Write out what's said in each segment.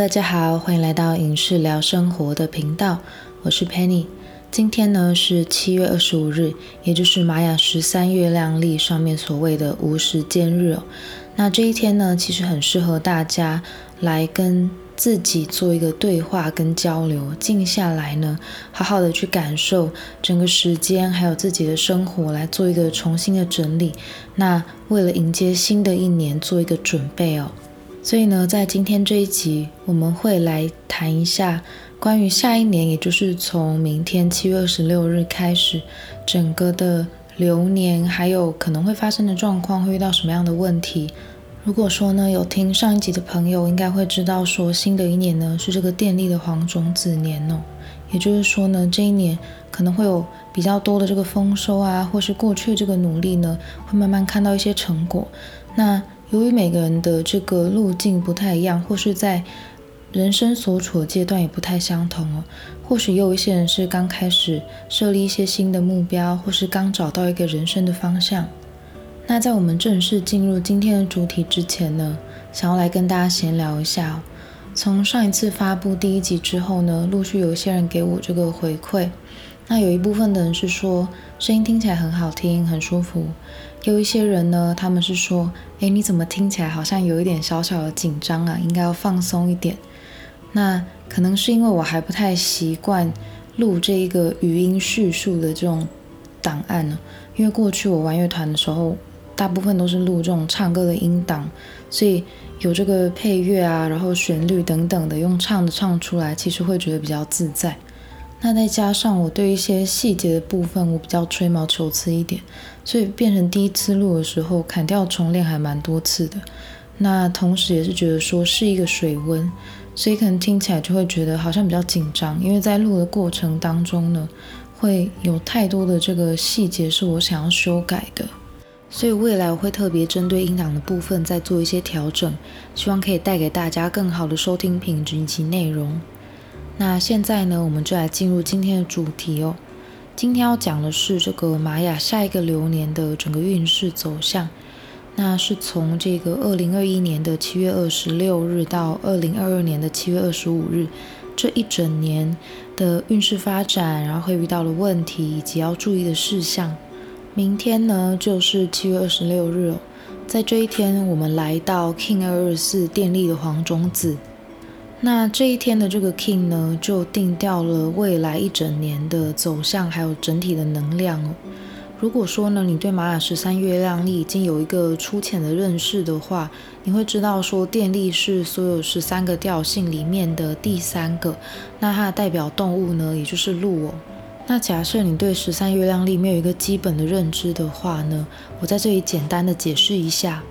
大家好，歡迎來到影視聊生活的頻道，我是 Penny。今天呢，是七月二十五日，也就是瑪雅十三月亮曆上面所謂的無時間日哦。那這一天呢，其實很適合大家來跟自己做一個對話跟交流，靜下來呢，好好的去感受整個時間，還有自己的生活，來做一個重新的整理。那為了迎接新的一年，做一個準備哦。所以呢，在今天這一集，我們會來談一下關於下一年，也就是從明天七月二十六日開始，整個的流年還有可能會發生的狀況，會遇到什麼樣的問題？如果說呢，有聽上一集的朋友，應該會知道說，新的一年呢是這個電力的黃種子年哦，也就是說呢，這一年可能會有比較多的這個豐收啊，或是過去這個努力呢，會慢慢看到一些成果。那由於每個人的這個路徑不太一樣，或是在人生所處的階段也不太相同哦。或許有一些人是剛開始設立一些新的目標，或是剛找到一個人生的方向。那在我們正式進入今天的主題之前呢，想要來跟大家閒聊一下哦。從上一次發布第一集之後呢，陸續有一些人給我這個回饋。那有一部分的人是說，聲音聽起來很好聽，很舒服。有一些人呢，他們是說：“誒，你怎麼聽起來好像有一點小小的緊張啊？應該要放鬆一點。”那那可能是因為我還不太習慣錄這一個語音敘述的這種檔案呢、啊。因為過去我玩樂團的時候，大部分都是錄這種唱歌的音檔，所以有這個配樂啊，然後旋律等等的，用唱的唱出來，其實會覺得比較自在。那再加上我對一些細節的部分，我比較吹毛求疵一點。所以變成第一次錄的時候，砍掉重練還蠻多次的。那同時也是覺得說是一個水溫，所以可能聽起來就會覺得好像比較緊張，因為在錄的過程當中呢，會有太多的這個細節是我想要修改的。所以未來我會特別針對音檔的部分再做一些調整，希望可以帶給大家更好的收聽品質以及內容。那現在呢，我們就來進入今天的主題哦。今天要講的是這個瑪雅下一個流年的整個運勢走向，那是從這個二零二一年的七月二十六日到二零二二年的七月二十五日這一整年的運勢發展，然後會遇到的問題以及要注意的事項。明天呢，就是七月二十六日了哦，在這一天我們來到 Kin 二二四電力的黃種子。那這一天的這個 King 呢，就定調了未來一整年的走向，還有整體的能量哦。如果說呢，你對瑪雅十三月亮曆已經有一個粗淺的認識的話，你會知道說電力是所有十三個調性裡面的第三個。那它的代表動物呢，也就是鹿哦。那假設你對十三月亮曆沒有一個基本的認知的話呢，我在這裡簡單的解釋一下。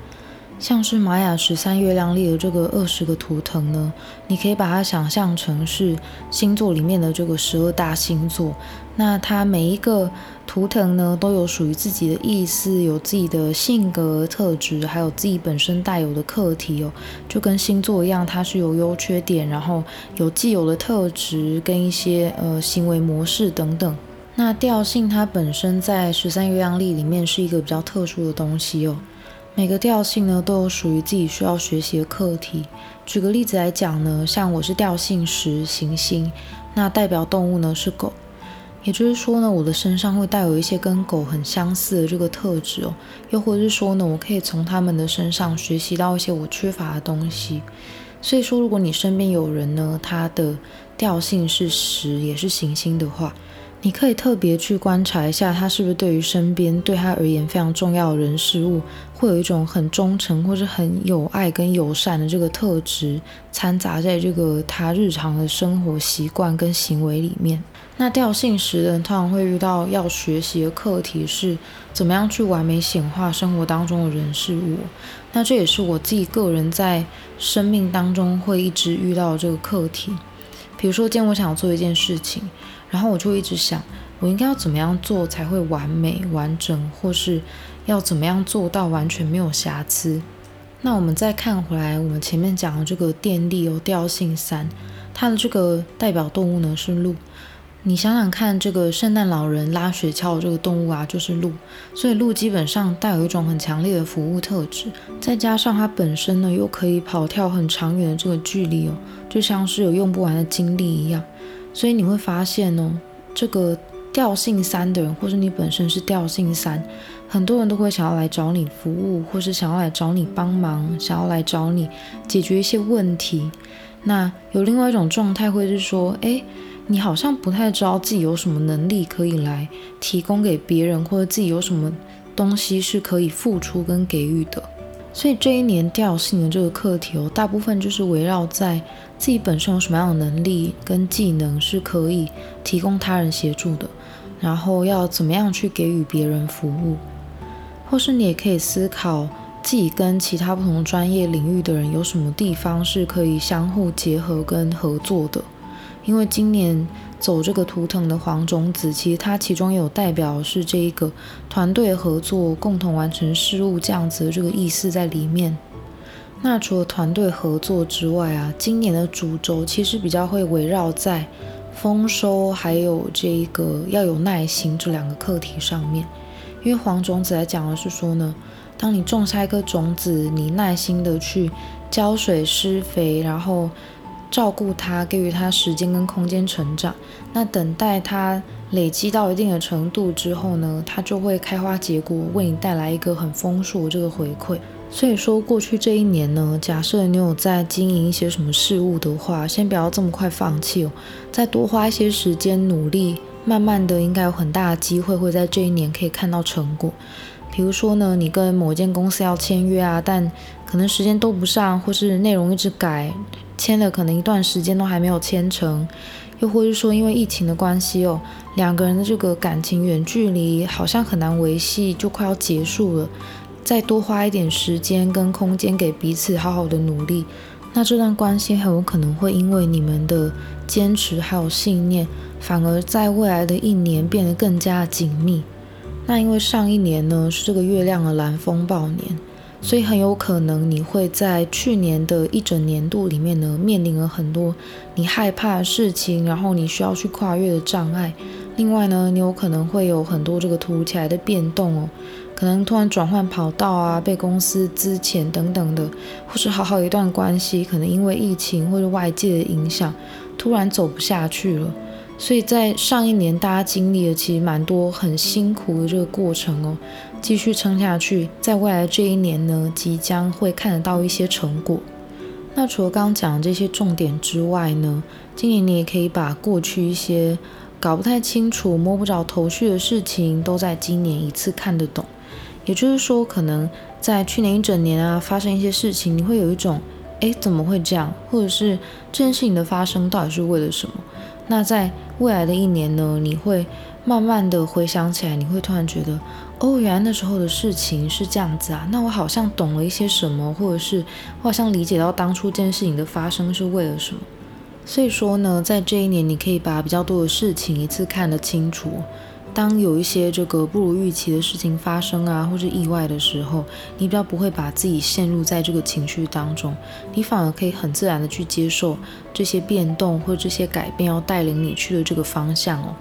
像是瑪雅十三月亮曆的這個二十個圖騰呢，你可以把它想象成是星座裡面的這個十二大星座。那它每一個圖騰呢，都有屬於自己的意思，有自己的性格特質，還有自己本身帶有的課題哦。就跟星座一樣，它是有優缺點，然後有既有的特質跟一些呃行為模式等等。那調性它本身在十三月亮曆裡裡面是一個比較特殊的東西哦。每個調性呢，都有屬於自己需要學習的課題。舉個例子來講呢，像我是調性十行星，那代表動物呢是狗，也就是說呢，我的身上會帶有一些跟狗很相似的這個特質哦，又或者是說呢，我可以從他們的身上學習到一些我缺乏的東西。所以說，如果你身邊有人呢，他的調性是十也是行星的話。你可以特別去觀察一下，他是不是對於身邊對他而言非常重要的人事物，會有一種很忠誠或者很有愛跟友善的這個特質，摻雜在這個他日常的生活習慣跟行為裡面。那調性十的人，通常會遇到要學習的課題是，怎麼樣去完美顯化生活當中的人事物。那這也是我自己個人在生命當中會一直遇到的這個課題。比如說，今天我想做一件事情。然後我就一直想，我應該要怎麼樣做才會完美完整，或是要怎麼樣做到完全沒有瑕疵？那我們再看回來，我們前面講的這個電力哦，調性三，它的這個代表動物呢是鹿。你想想看，這個聖誕老人拉雪橇的這個動物啊，就是鹿。所以鹿基本上帶有一種很強烈的服務特質，再加上它本身呢又可以跑跳很長遠的這個距離哦，就像是有用不完的精力一樣。所以你會發現哦，這個調性三的人，或是你本身是調性三，很多人都會想要來找你服務，或是想要來找你幫忙，想要來找你解決一些問題。那有另外一種狀態會是說，哎，你好像不太知道自己有什麼能力可以來提供給別人，或者自己有什麼東西是可以付出跟給予的。所以這一年調性的這個課題哦，大部分就是圍繞在自己本身有什麼樣的能力跟技能是可以提供他人協助的，然後要怎麼樣去給予別人服務，或是你也可以思考自己跟其他不同專業領域的人有什麼地方是可以相互結合跟合作的。因為今年走這個圖騰的黃種子，其實它其中有代表是這一個團隊合作、共同完成事務這樣子的這個意思在裡面。那除了團隊合作之外啊，今年的主軸其實比較會圍繞在豐收，還有這一個要有耐心這兩個課題上面。因為黃種子來講的是說呢，當你種下一顆種子，你耐心的去澆水、施肥，然後。照顧它，給予它時間跟空間成長。那等待它累積到一定的程度之後呢，它就會開花結果，為你帶來一個很豐碩的這個回饋。所以說，過去這一年呢，假設你有在經營一些什麼事物的話，先不要這麼快放棄哦，再多花一些時間努力，慢慢的應該有很大的機會會在這一年可以看到成果。比如說呢，你跟某間公司要簽約啊，但可能時間都不上，或是內容一直改，簽了可能一段時間都還沒有簽成，又或者說因為疫情的關係，哦，兩個人的這個感情遠距離好像很難維繫，就快要結束了。再多花一點時間跟空間給彼此，好好的努力，那這段關係很有可能會因為你們的堅持還有信念，反而在未來的一年變得更加緊密。那因為上一年呢，是這個月亮的藍風暴年。所以很有可能你會在去年的一整年度裡面呢，面臨了很多你害怕的事情，然後你需要去跨越的障礙。另外呢，你有可能會有很多這個突如其來的變動哦，可能突然轉換跑道啊，被公司資遣等等的，或是好好一段關係，可能因為疫情或者外界的影響，突然走不下去了。所以在上一年，大家經歷了其實蠻多很辛苦的這個過程哦，繼續撐下去，在未來這一年呢，即將會看得到一些成果。那除了剛剛講的這些重點之外呢，今年你也可以把過去一些搞不太清楚、摸不着頭緒的事情，都在今年一次看得懂。也就是說，可能在去年一整年啊，發生一些事情，你會有一種。哎，怎麼會這樣？或者是這件事情的發生到底是為了什麼？那在未來的一年呢，你會慢慢的回想起來，你會突然覺得，哦，原來那時候的事情是這樣子啊。那我好像懂了一些什麼，或者是我好像理解到當初這件事情的發生是為了什麼。所以說呢，在這一年，你可以把比較多的事情一次看得清楚。當有一些這個不如預期的事情發生啊，或是意外的時候，你比較不會把自己陷入在這個情緒當中，你反而可以很自然的去接受這些變動或這些改變要帶領你去的這個方向哦。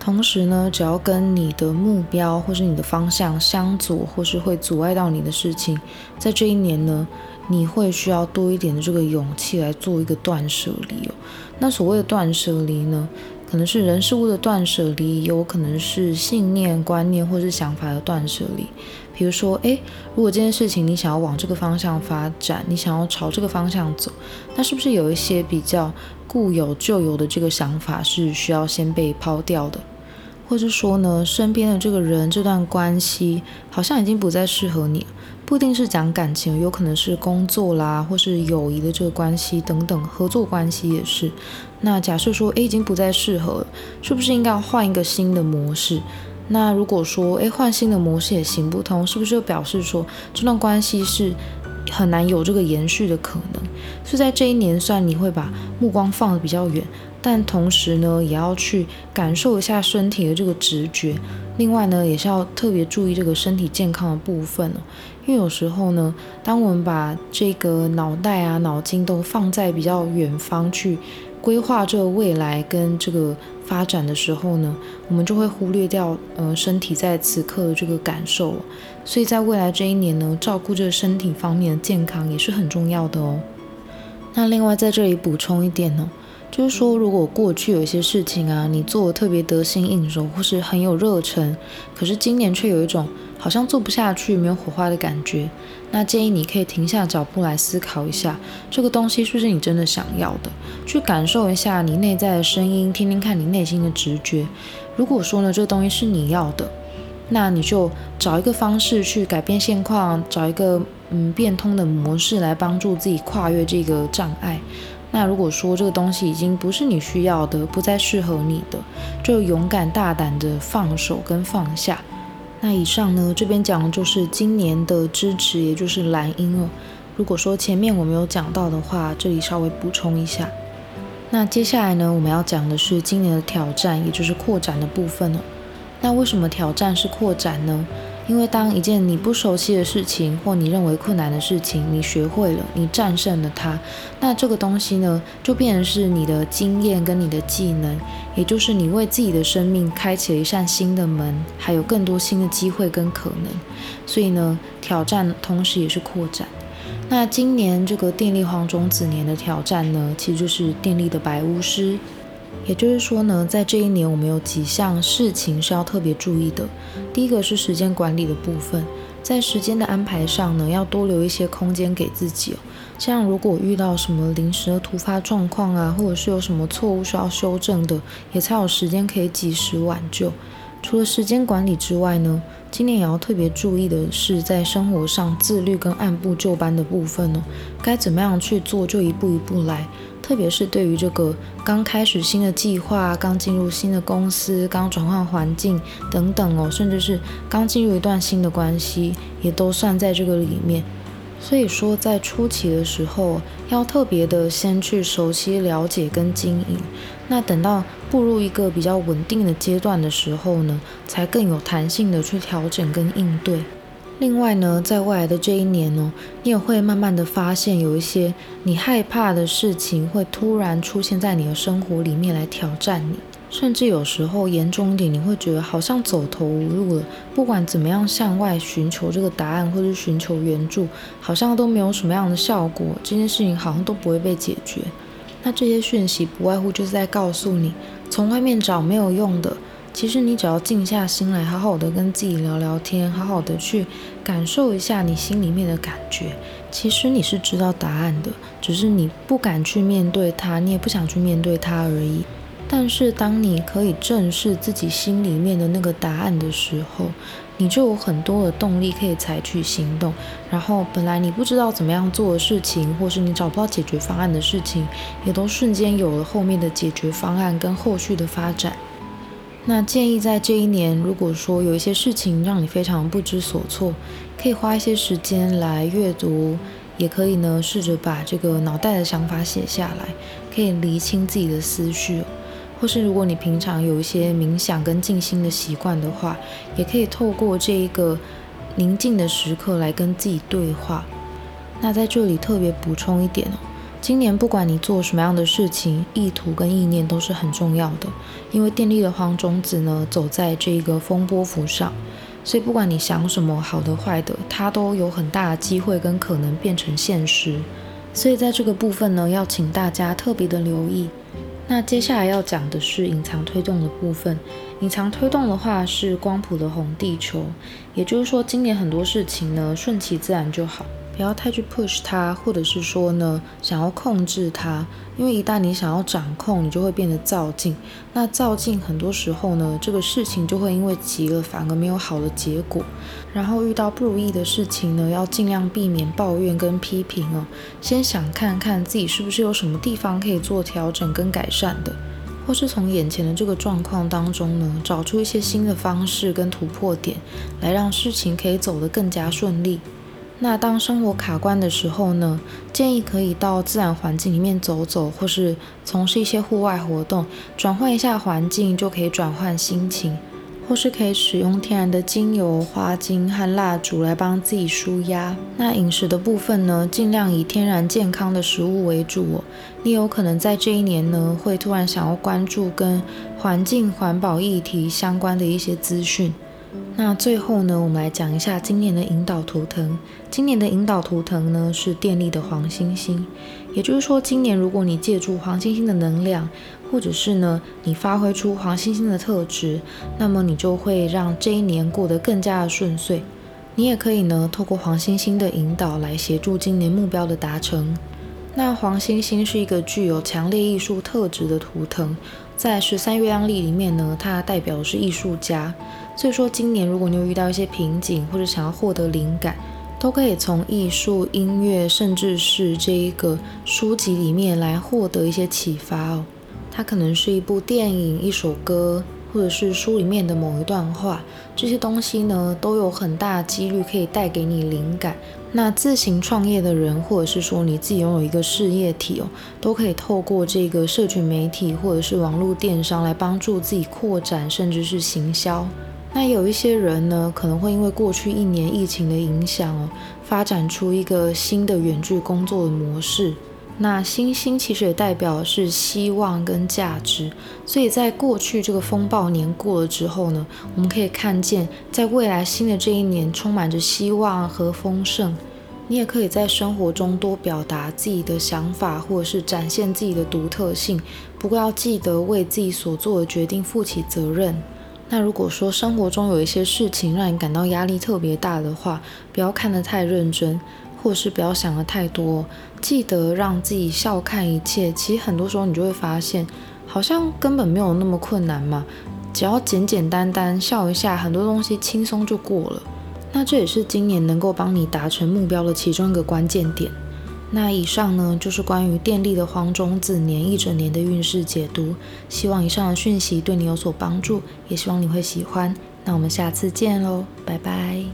同時呢，只要跟你的目標或是你的方向相左，或是會阻礙到你的事情，在這一年呢，你會需要多一點的這個勇氣來做一個斷捨離哦。那所謂的斷捨離呢？可能是人事物的斷捨離，也有可能是信念、觀念或者是想法的斷捨離。比如說，哎，如果這件事情你想要往這個方向發展，你想要朝這個方向走，那是不是有一些比較固有舊有的這個想法是需要先被拋掉的？或者說呢，身邊的這個人這段關係好像已經不再適合你了，不一定是講感情，有可能是工作啦，或是友誼的這個關係等等，合作關係也是。那假設說，誒，已經不再適合了，是不是應該要換一個新的模式？那如果說，誒，換新的模式也行不通，是不是就表示說這段關係是很難有這個延續的可能？所以在這一年算，算你會把目光放得比較遠。但同時呢，也要去感受一下身體的這個直覺。另外呢，也是要特別注意這個身體健康的部分哦。因為有時候呢，當我們把這個腦袋啊、腦筋都放在比較遠方去規劃這未來跟這個發展的時候呢，我們就會忽略掉呃身體在此刻的這個感受了。所以在未來這一年呢，照顧這個身體方面的健康也是很重要的哦。那另外在這裡補充一點呢。就是說，如果過去有一些事情啊，你做的特別得心應手，或是很有熱忱，可是今年卻有一種好像做不下去、沒有火花的感覺，那建議你可以停下腳步來思考一下，這個東西是不是你真的想要的？去感受一下你內在的聲音，聽聽看你內心的直覺。如果說呢，這個東西是你要的，那你就找一個方式去改變現況，找一個嗯變通的模式來幫助自己跨越這個障礙。那如果說這個東西已經不是你需要的，不再適合你的，就勇敢大膽的放手跟放下。那以上呢，這邊講的就是今年的支持，也就是藍鷹了。如果說前面我沒有講到的話，這裡稍微補充一下。那接下來呢，我們要講的是今年的挑戰，也就是擴展的部分了。那為什麼挑戰是擴展呢？因為當一件你不熟悉的事情或你認為困難的事情，你學會了，你戰勝了它，那這個東西呢，就變成是你的經驗跟你的技能，也就是你為自己的生命開啟了一扇新的門，還有更多新的機會跟可能。所以呢，挑戰同時也是擴展。那今年這個電力黃種子年的挑戰呢，其實就是電力的白巫師。也就是說呢，在這一年，我們有幾項事情是要特別注意的。第一個是時間管理的部分，在時間的安排上呢，要多留一些空間給自己哦。像如果遇到什麼臨時的突發狀況啊，或者是有什麼錯誤需要修正的，也才有時間可以及時挽救。除了時間管理之外呢，今年也要特別注意的是，在生活上自律跟按部就班的部分哦，該怎麼樣去做，就一步一步來。特別是對於這個剛開始新的計劃、剛進入新的公司、剛轉換環境等等哦，甚至是剛進入一段新的關係，也都算在這個裡面。所以說，在初期的時候，要特別的先去熟悉、了解跟經營。那等到步入一個比較穩定的階段的時候呢，才更有彈性的去調整跟應對。另外呢，在未來的這一年哦，你也會慢慢的發現，有一些你害怕的事情會突然出現在你的生活裡面來挑戰你，甚至有時候嚴重一點，你會覺得好像走投無路了。不管怎麼樣，向外尋求這個答案或是尋求援助，好像都沒有什麼樣的效果。這件事情好像都不會被解決。那這些訊息不外乎就是在告訴你，從外面找沒有用的。其實你只要靜下心來，好好的跟自己聊聊天，好好的去感受一下你心裡面的感覺。其實你是知道答案的，只是你不敢去面對它，你也不想去面對它而已。但是當你可以正視自己心裡面的那個答案的時候，你就有很多的動力可以採取行動。然後本來你不知道怎麼樣做的事情，或是你找不到解決方案的事情，也都瞬間有了後面的解決方案跟後續的發展。那建議在這一年，如果說有一些事情讓你非常不知所措，可以花一些時間來閱讀，也可以呢試着把這個腦袋的想法寫下來，可以釐清自己的思緒。或是如果你平常有一些冥想跟靜心的習慣的話，也可以透過這一個寧靜的時刻來跟自己對話。那在這裡特別補充一點哦。今年不管你做什麼樣的事情，意圖跟意念都是很重要的，因為電力的黃種子呢走在這個風波符上，所以不管你想什麼好的壞的，它都有很大的機會跟可能變成現實。所以在這個部分呢，要請大家特別的留意。那接下來要講的是隱藏推動的部分，隱藏推動的話是光譜的紅地球，也就是說今年很多事情呢順其自然就好。不要太去 push 它，或者是說呢，想要控制它，因為一旦你想要掌控，你就會變得躁進。那躁進很多時候呢，這個事情就會因為急了，反而沒有好的結果。然後遇到不如意的事情呢，要盡量避免抱怨跟批評哦，先想看看自己是不是有什麼地方可以做調整跟改善的，或是從眼前的這個狀況當中呢，找出一些新的方式跟突破點，來讓事情可以走得更加順利。那當生活卡關的時候呢，建議可以到自然環境裡面走走，或是從事一些戶外活動，轉換一下環境就可以轉換心情，或是可以使用天然的精油、花精和蠟燭來幫自己舒壓。那飲食的部分呢，盡量以天然健康的食物為主哦。你有可能在這一年呢，會突然想要關注跟環境環保議題相關的一些資訊。那最後呢，我們來講一下今年的引導圖騰。今年的引導圖騰呢是電力的黃星星，也就是說，今年如果你借助黃星星的能量，或者是呢你發揮出黃星星的特質，那麼你就會讓這一年過得更加的順遂。你也可以呢透過黃星星的引導來協助今年目標的達成。那黃星星是一個具有強烈藝術特質的圖騰，在十三月亮曆裡面呢，它代表的是藝術家。所以說，今年如果你有遇到一些瓶頸，或者想要獲得靈感，都可以從藝術、音樂，甚至是這一個書籍裡面來獲得一些啟發哦。它可能是一部電影、一首歌，或者是書裡面的某一段話。這些東西呢，都有很大幾率可以帶給你靈感。那自行創業的人，或者是說你自己擁有一個事業體哦，都可以透過這個社群媒體，或者是網絡電商來幫助自己擴展，甚至是行銷。那有一些人呢，可能會因為過去一年疫情的影響哦，發展出一個新的遠距工作的模式。那星星其實也代表的是希望跟價值，所以在過去這個風暴年過了之後呢，我們可以看見在未來新的這一年充滿着希望和豐盛。你也可以在生活中多表達自己的想法，或者是展現自己的獨特性。不過要記得為自己所做的決定負起責任。那如果說生活中有一些事情讓你感到壓力特別大的話，不要看得太認真，或是不要想得太多，記得讓自己笑看一切。其實很多時候你就會發現，好像根本沒有那麼困難嘛。只要簡簡單單單笑一下，很多東西輕鬆就過了。那這也是今年能夠幫你達成目標的其中一個關鍵點。那以上呢，就是關於電力的黃種子年一整年的運勢解讀。希望以上的訊息對你有所幫助，也希望你會喜歡。那我們下次見嘍，拜拜。